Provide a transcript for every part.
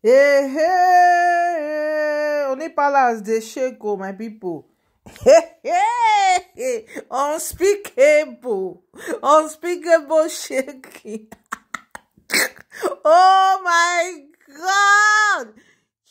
hey hey Ooni Palace dey shake o oh, my pipo unspeakable unspeakable shaking oh my god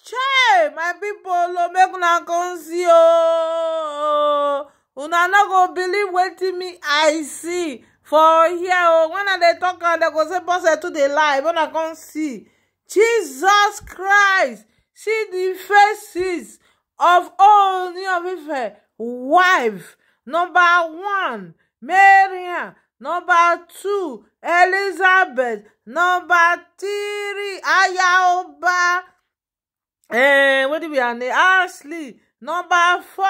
chai my people, lo make una come yo. o una no go believe what me i see for here o oh, When i dey tok they go say boss dey lie una come see Jesus Christ see the faces of Ooni of Ife wife number one Mariam number two Elizabeth number three Ayaoba eh, what do we have Ashley number four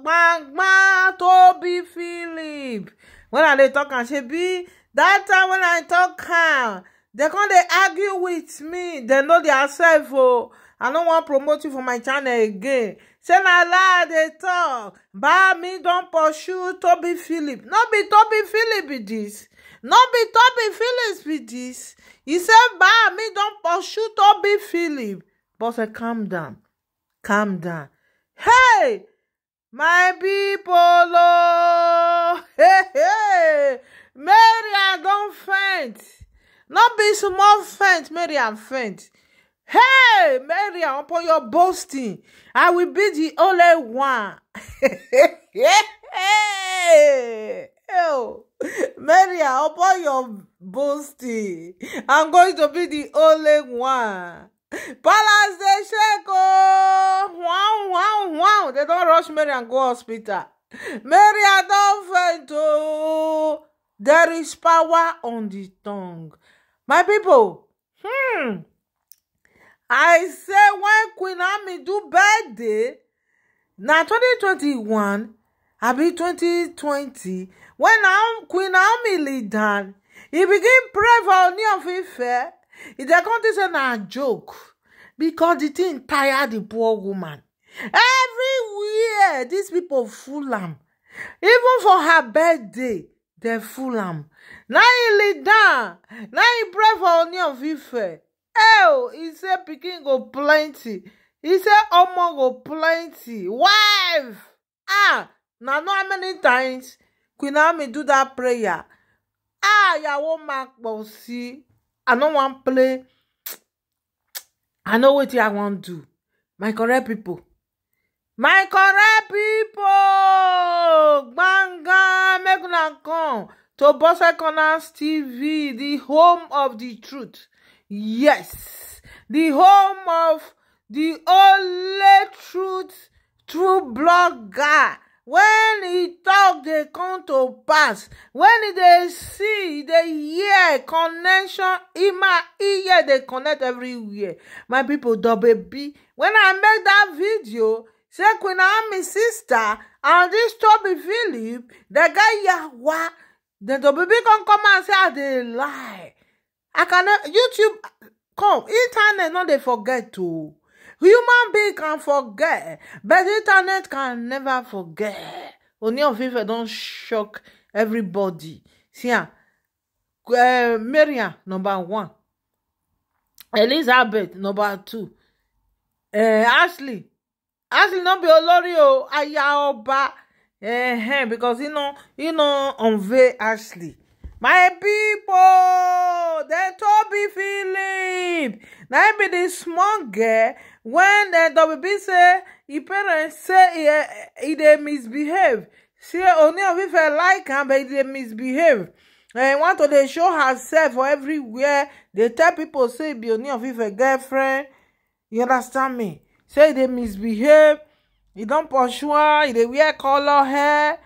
gbangban Toby, Philip when i dey talk am shebi that time when i talk am dem come. dey argue with me dem know their self o oh. i no wan promote you for my channel again say na lie i dey tok me don pursue toby philip no be toby philip be dis no be toby philip be dis e say me don pursue toby philip but say calm down calm down hey my people. Oh, hey hey mary i don faint no be small faint maryam faint hey maryam upon your boasting i will be the only one hey, oh. maryam upon your boasting i'm going to be the only one palace dey shake ooo wow wow wow They don rush maryam go hospital maryam don faint ooo oh. there is power on the tongue my people, hmm i say when queen Ami do birthday na 2021 abi 2020 wen queen Ami lead down he begin pray for oni of ife e dey come think say na joke because the thing tire the poor woman everywhere these people full am even for her birthday dem fool am Now he lead down Now he pray for Ooni of Ife oh he say picking go plenty he say omo go plenty wife ah now know how many times Queen Naomi do that prayer ah yawo makpo si i know wan play i know what i wan do my correct people. my correct pipo gbangam pregnant to Bossa Corners TV, the home of the truth. Yes, the home of the only truth, true blogger. When he talk, they come to pass When they see they hear connection ima ear They connect everywhere my pipo baby When i make that video say queen my sister and dis tobi sleep dem get yawa dem to baby can come out say i lie i cannot youtube come internet no dey forget to oh. human being can forget but internet can never forget oni of ife don shock everybody see uh, maria number one elizabeth number two uh, ashley ashley no be a olori o oh. aya ọba Uh-huh, because you know, you know, unveil Ashley. My people, dem Toby Philip. Na be the small girl when the WB say his e parents say he, he they misbehave. Say Ooni of Ife like him, but he dey misbehave. And e eh, e want to dey show herself for everywhere. They tell people say be Ooni of a girlfriend. You understand me? Say they misbehave e don pursue am e dey wear colour hair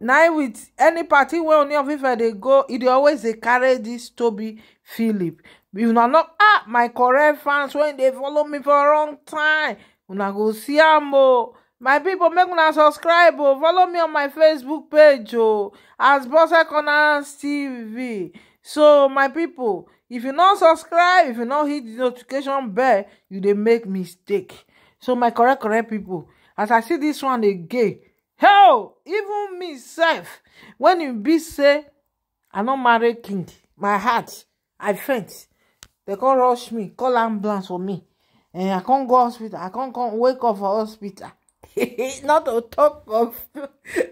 na with any party wey oni of ife dey go e dey always dey carry dis tobi philip if una no ah my correct fans wey dey follow me for a long time una go see am o my pipo make una subscribe o follow me on my facebook page o as bose corners tv so my pipo if you no subscribe if you no hit the notification bell you dey make mistake so my correct correct people, as i see this one again hell even me self, when you be say i not marry king my heart i faint They con rush me call ambulance for me and i can't go hospital i can't come wake up for hospital not on top of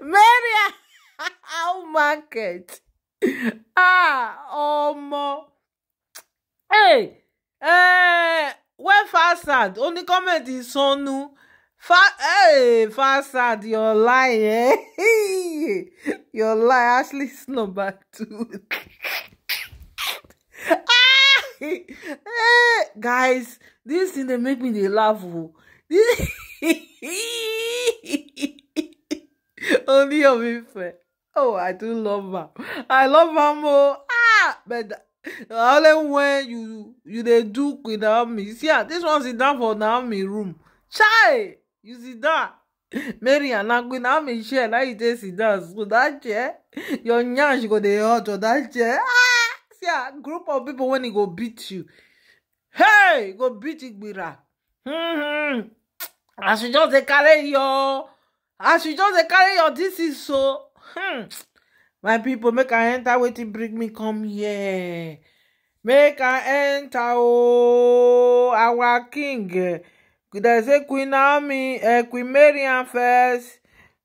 maria how market ah oh my. hey hey. Eh, wefasad oníkọ́mẹ̀tì sọnù fasad your lie eh? your lie ashley's number two ah! hey, eh, guys this thing dey make me dey laugh o oh. Ooni of Ife oh I do love am I love am o oh. ah but. only when you you dey do queen naomi see ah dis one sit down for naomi room chai you sit down mary and na queen naomi share na you take sit down so dat chair your nyash go dey hot dat chair ah see ah group of pipo wen e go beat you hey e go beat igbira hmm as you just dey carry your as you just dey carry your dis is so hmm my people make i enta wetin bring me come here make i enter, oh, our king dem say queen naomi queen mariam first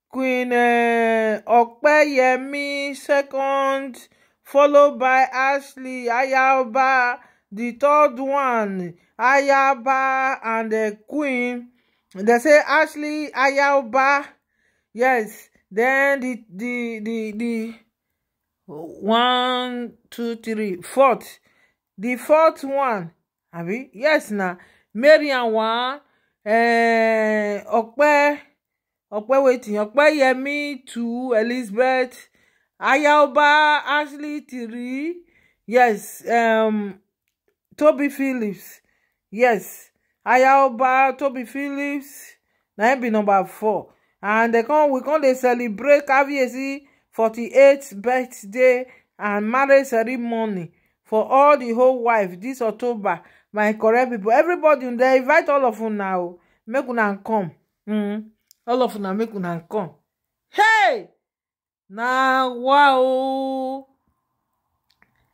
queen eh, opeyemi second followed by ashley ayaba the third one ayaba and the queen They say ashley ayaba yes Then the the the the one two three fourth the fourth one abi yes na mariam one eh, ọpẹ ọpẹ wetin Yemi, two elizabeth ayaoba ashley three yes um, toby phillips yes ayaoba toby phillips na him be number four and they come we come dey celebrate kabiyesi. Forty eighth birthday and marriage ceremony for all the whole wife this october my correct people, everybody dey invite all of una o make una come mm. all of una make una come hey na wow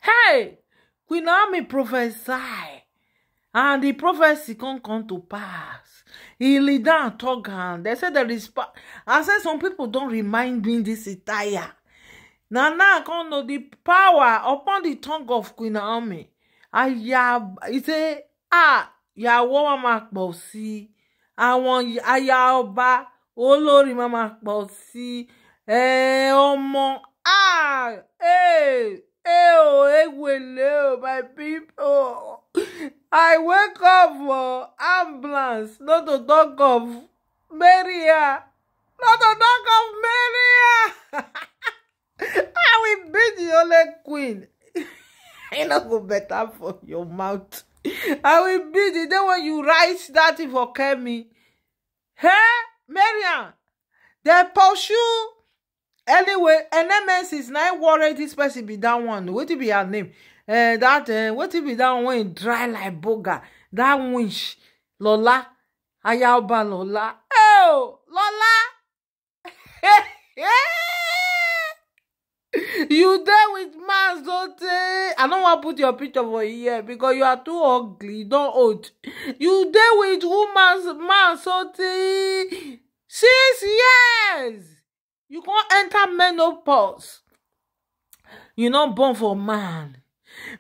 hey queen naomi prophesy And the prophecy can't come to pass. He lead down talk and they said there is pa I said some people don't remind me this attire. Now now I can't know the power upon the tongue of Queen I Aya he say ah yàwó wa máa pọ̀ sí àwọn Oh ọba mama máa Eh, oh mon. i wake up for oh, ambulance not to talk of maria not to talk of maria i will be the only queen e no go better for your mouth i will be the day when you write that thing for kemi hey maria dey pursue anyway nms is na worried. this person be that one wetin be her name eh, that eh, what if be that one dry like boga that winch Lola ayaba Lola oh Lola you dey with man don't zote eh? i no wan put your picture for here because you are too ugly Don't don old you dey with woman man zote eh? six years you come enter menopause you not born for man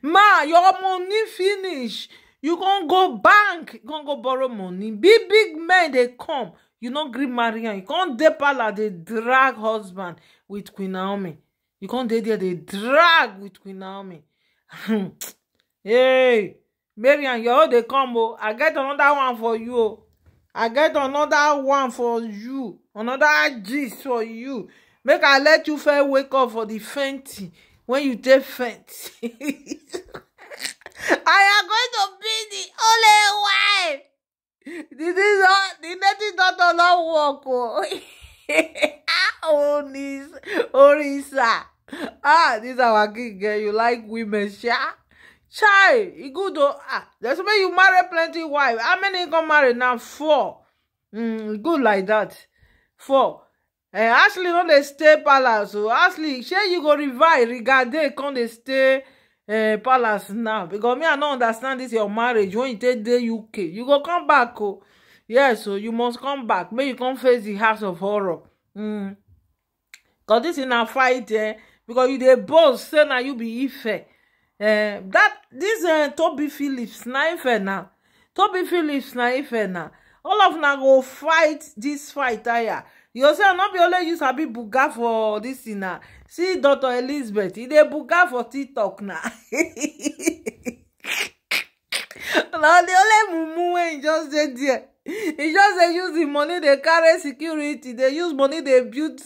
ma your money finish you con go bank you con go borrow money big big men dey come you no gree marry am you con dey palace dey drag husband with queen naomi you con dey there dey drag with queen naomi hey marian your own dey come o oh. i get another one for you o oh. i get another one for you another gist for you make i let you fair wake up for the fainting when you dey faint i am going to be the only wife This is not the native doctor don work o oh. ah, onis orisa ah this is our king girl you like women sha chai e good o oh. ah that's why you marry plenty wife how many you come marry now four mm, good like that four Eh, ashley no dey stay palace o ashley shey you go revive regarding come dey stay eh, palace now because me i no understand this your marriage when you take dey uk you go come back o yes So you must come back make you come face the house of horror mm. cos dis na fight eh because you dey boast say na you be ife eh dis eh, toby phillips na ife na toby phillips na ife na all of na go fight this fight tire you go say no be only you sabi buga for this thing na see dr elizabeth e dey buga for tiktok na na the only mumu wey e just dey there e just dey use the money dey carry security dey use money dey build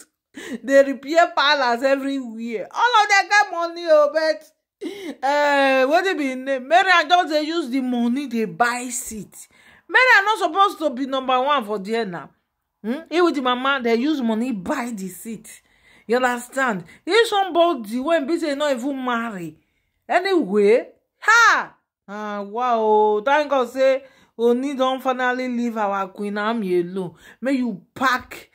dey repair palace everywhere all of them get money o but uh, eh, wetin be im name marian just dey use the money dey buy seat marian no suppose to be number one for there now. Hmm? with the mama, they use money buy the seat. You understand? If somebody when be say not even marry, anyway, ha! Ah, wow, thank God say Ooni don finally leave our Queen Naomi alone. May you pack,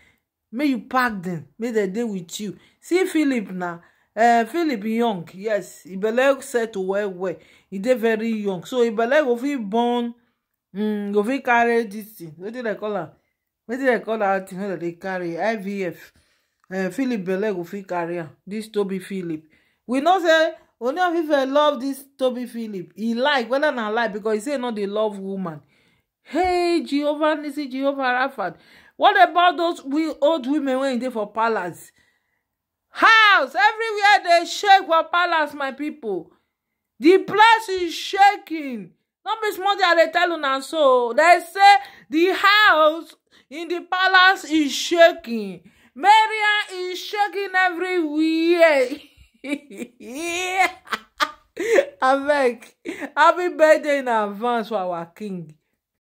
may you pack them, may they dey with you. See Philip now. uh, eh, Philip young, yes, Ibele settle well where He dey very young. So Ibele go fit born, mm, go fit carry this thing. Wetin dey call her? wetin dem call dat thing wey dem dey carry ivf eh, philip belle go fit carry am dis toby philip we know say oni of ife love dis toby philip e like whether na lie because e say e no dey love woman hey jehovah nisi jehovah rafat what about those old women wey dey for palace house everywhere dey shake for palace my people. The place is shaking no be small thing i dey tell una so dem say di house in di palace is shaking Maria is shaking everywhere abeg happy birthday in advance for our king